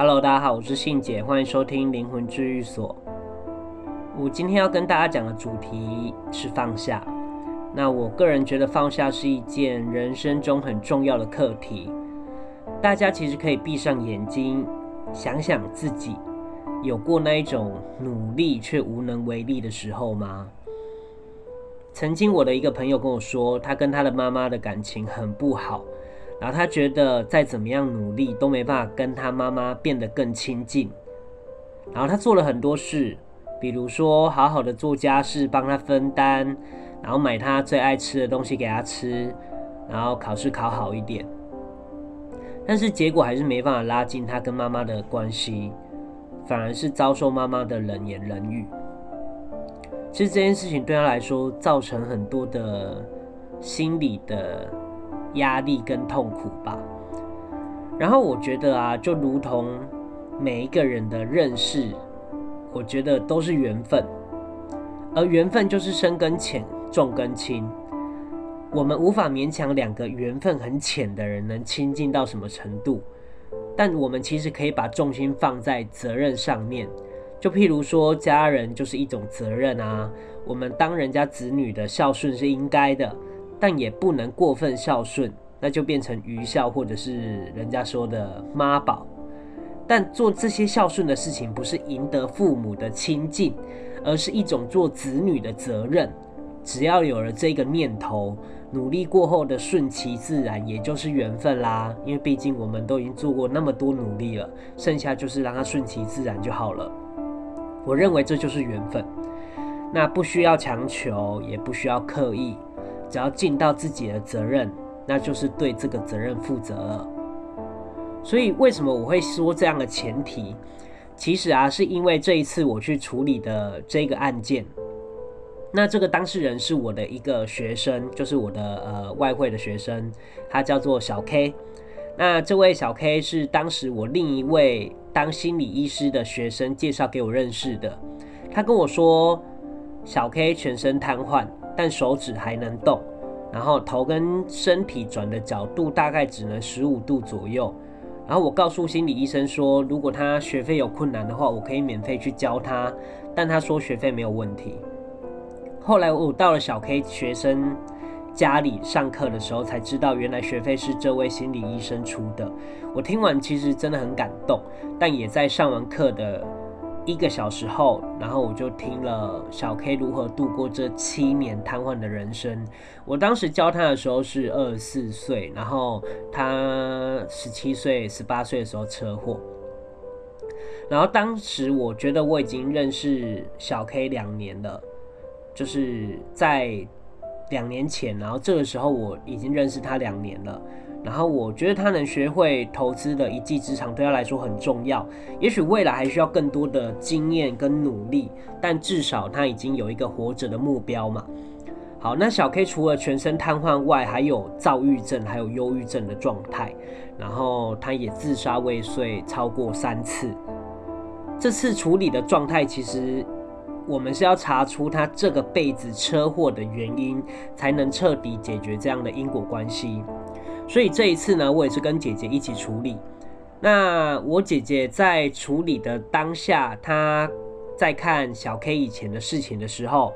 Hello，大家好，我是信姐，歡迎收聽靈魂治癒所。我今天要跟大家講的主題是放下。那我個人覺得放下是一件人生中很重要的課題。大家其實可以閉上眼睛，想想自己有過那一種努力卻無能為力的時候嗎？曾經我的一個朋友跟我說，他跟他的媽媽的感情很不好。然後他覺得再怎麼樣努力都沒辦法跟他媽媽變得更親近，然後他做了很多事，比如說好好的做家事幫他分擔，然後買他最愛吃的東西給他吃，然後考試考好一點，但是結果還是沒辦法拉近他跟媽媽的關係，反而是遭受媽媽的冷言冷語。其實這件事情對他來說造成很多的心理的。壓力跟痛苦吧，然後我覺得啊，就如同每一個人的認識，我覺得都是緣分，而緣分就是深跟淺，重跟輕。我們無法勉強兩個緣分很淺的人能親近到什麼程度，但我們其實可以把重心放在責任上面。就譬如說，家人就是一種責任啊，我們當人家子女的孝順是應該的。但也不能過分孝順，那就變成愚孝，或者是人家說的媽寶。但做這些孝順的事情，不是贏得父母的親近，而是一種做子女的責任。只要有了這個念頭，努力過後的順其自然，也就是緣分啦。因為畢竟我們都已經做過那麼多努力了，剩下就是讓它順其自然就好了。我認為這就是緣分，那不需要強求，也不需要刻意。只要盡到自己的責任，那就是對這個責任負責了。所以為什麼我會說這樣的前提？其實啊，是因為這一次我去處理的這個案件，那這個當事人是我的一個學生，就是我的呃外匯的學生，他叫做小 K。那這位小 K 是當時我另一位當心理醫師的學生介紹給我認識的。他跟我說，小 K 全身癱瘓。但手指還能動，然後頭跟身體轉的角度大概只能十五度左右。然後我告訴心理醫生說，如果他學費有困難的話，我可以免費去教他。但他說學費沒有問題。後來我到了小 K 學生家裡上課的時候，才知道原來學費是這位心理醫生出的。我聽完其實真的很感動，但也在上完課的。一個小時後，然後我就聽了小 K 如何度過這七年癱瘓的人生。我當時教他的時候是二十四歲，然後他十七歲、十八歲的時候車禍。然後當時我覺得我已經認識小 K 兩年了，就是在兩年前，然後這個時候我已經認識他兩年了。然後我覺得他能學會投資的一技之長，對他來說很重要。也許未來還需要更多的經驗跟努力，但至少他已經有一個活着的目標嘛。好，那小 K 除了全身癱瘓外，還有躁鬱症，還有憂鬱症的狀態。然後他也自殺未遂超過三次，這次處理的狀態其實我們是要查出他這個輩子車禍的原因，才能徹底解決這樣的因果關係。所以這一次呢，我也是跟姐姐一起處理。那我姐姐在處理的當下，她在看小 K 以前的事情的時候，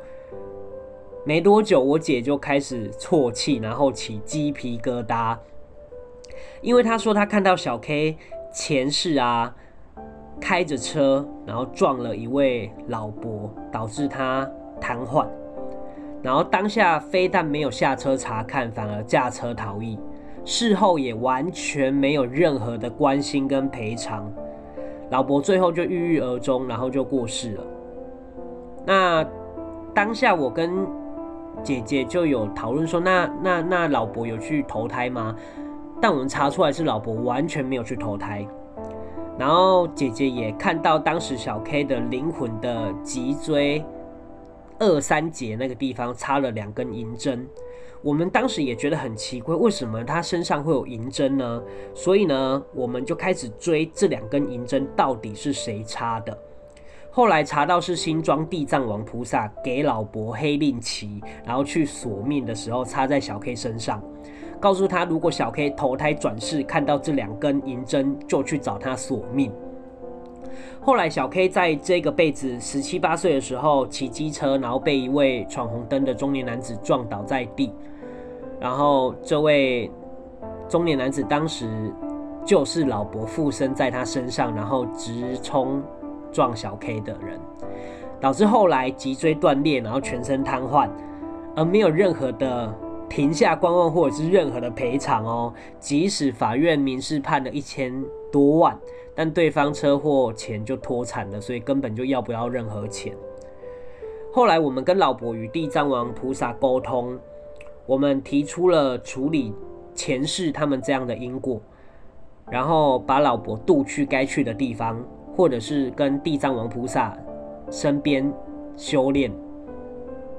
沒多久，我姐就開始啜泣，然後起雞皮疙瘩，因為她說她看到小 K 前世啊，開着車，然後撞了一位老伯，導致他癱瘓，然後當下非但沒有下車查看，反而駕車逃逸。事後也完全沒有任何的關心跟賠償，老伯最後就鬱鬱而終，然後就過世了。那當下我跟姐姐就有討論說，那那那老伯有去投胎嗎？但我們查出來是老伯完全沒有去投胎，然後姐姐也看到當時小 K 的靈魂的脊椎。二三節那個地方插了兩根銀針，我們當時也覺得很奇怪，為什麼他身上會有銀針呢？所以呢，我們就開始追這兩根銀針到底是誰插的。後來查到是新莊地藏王菩薩給老伯黑令旗，然後去索命的時候插在小 K 身上，告訴他如果小 K 投胎轉世看到這兩根銀針，就去找他索命。後來，小 K 在這個輩子十七八歲的時候騎機車，然後被一位闖紅燈的中年男子撞倒在地。然後，這位中年男子當時就是老伯附身在他身上，然後直衝撞小 K 的人，導致後來脊椎斷裂，然後全身癱瘓，而沒有任何的停下觀望或者是任何的賠償哦。即使法院民事判了一千多萬。但對方車禍錢就脫產了，所以根本就要不要任何錢。後來我們跟老伯與地藏王菩薩溝通，我們提出了處理前世他們這樣的因果，然後把老伯渡去該去的地方，或者是跟地藏王菩薩身邊修煉。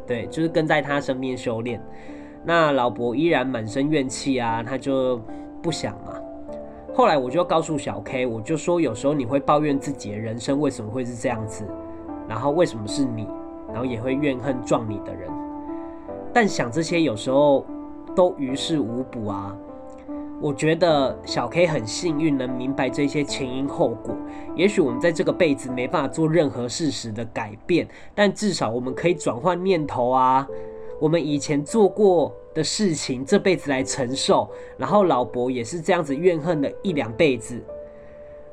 對，就是跟在他身邊修煉。那老伯依然滿身怨氣啊，他就不想嘛。後來我就告訴小 K，我就說，有時候你會抱怨自己的人生為什麼會是這樣子，然後為什麼是你，然後也會怨恨撞你的人，但想這些有時候都於事無補啊。我覺得小 K 很幸運能明白這些前因後果。也許我們在這個輩子沒辦法做任何事實的改變，但至少我們可以轉換念頭啊。我們以前做過。的事情這輩子來承受，然後老伯也是這樣子怨恨了一兩輩子，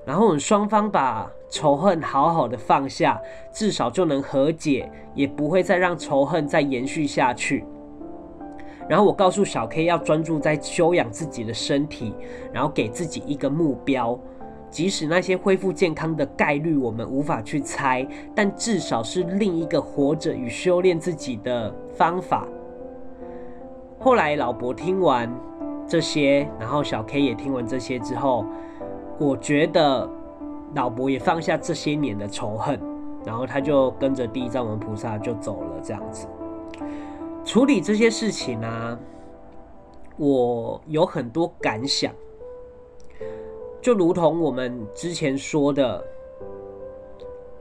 然後我們雙方把仇恨好好的放下，至少就能和解，也不會再讓仇恨再延續下去。然後我告訴小 K 要專注在休養自己的身體，然後給自己一個目標，即使那些恢復健康的概率我們無法去猜，但至少是另一個活着與修煉自己的方法。後來老伯聽完這些，然後小 K 也聽完這些之後，我覺得老伯也放下這些年的仇恨，然後他就跟着地藏王菩薩就走了。這樣子處理這些事情呢、啊，我有很多感想，就如同我們之前說的，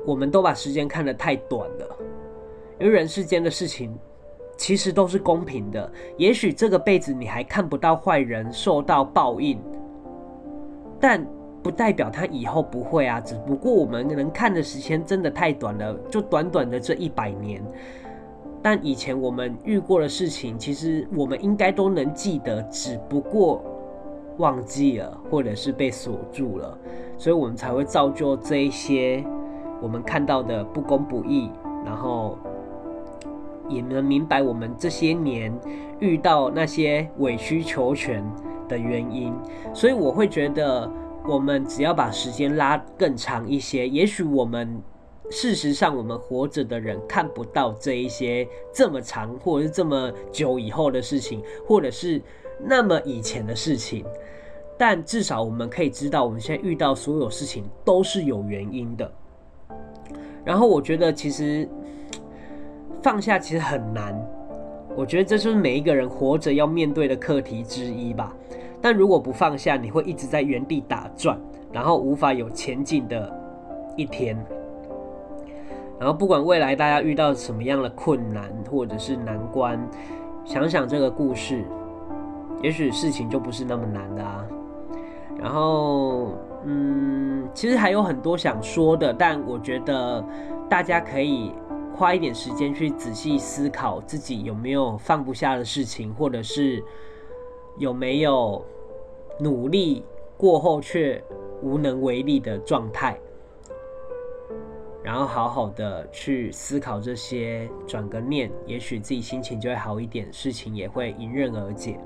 我們都把時間看得太短了，因為人世間的事情。其實都是公平的。也許這個輩子你還看不到壞人受到報應，但不代表他以後不會啊。只不過我們能看的時間真的太短了，就短短的這一百年。但以前我們遇過的事情，其實我們應該都能記得，只不過忘記了，或者是被鎖住了，所以我們才會造就這一些我們看到的不公不義，然後。也能明白我們這些年遇到那些委曲求全的原因，所以我會覺得，我們只要把時間拉更長一些，也許我們事實上我們活着的人看不到這一些這麼長或者是這麼久以後的事情，或者是那麼以前的事情，但至少我們可以知道，我們現在遇到所有事情都是有原因的。然後我覺得其實放下其實很難，我覺得這就是每一個人活着要面對的課題之一吧。但如果不放下，你會一直在原地打轉，然後無法有前進的一天。然後不管未來大家遇到什麼樣的困難或者是難關，想想這個故事，也許事情就不是那麼難的啊。然後，嗯，其實還有很多想說的，但我覺得大家可以。花一點時間去仔細思考自己有沒有放不下的事情，或者是有沒有努力過後卻無能為力的狀態，然後好好的去思考這些，轉個念，也許自己心情就會好一點，事情也會迎刃而解。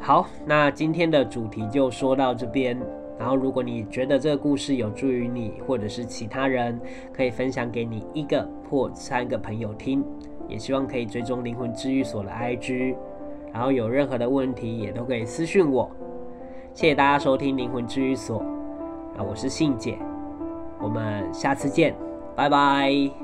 好，那今天的主題就說到這邊。然後，如果你覺得這個故事有助於你，或者是其他人，可以分享給你一個或三個朋友聽。也希望可以追蹤靈魂治癒所的 IG。然後有任何的問題，也都可以私訊我。謝謝大家收聽靈魂治癒所，啊，我是信姐，我們下次見，拜拜。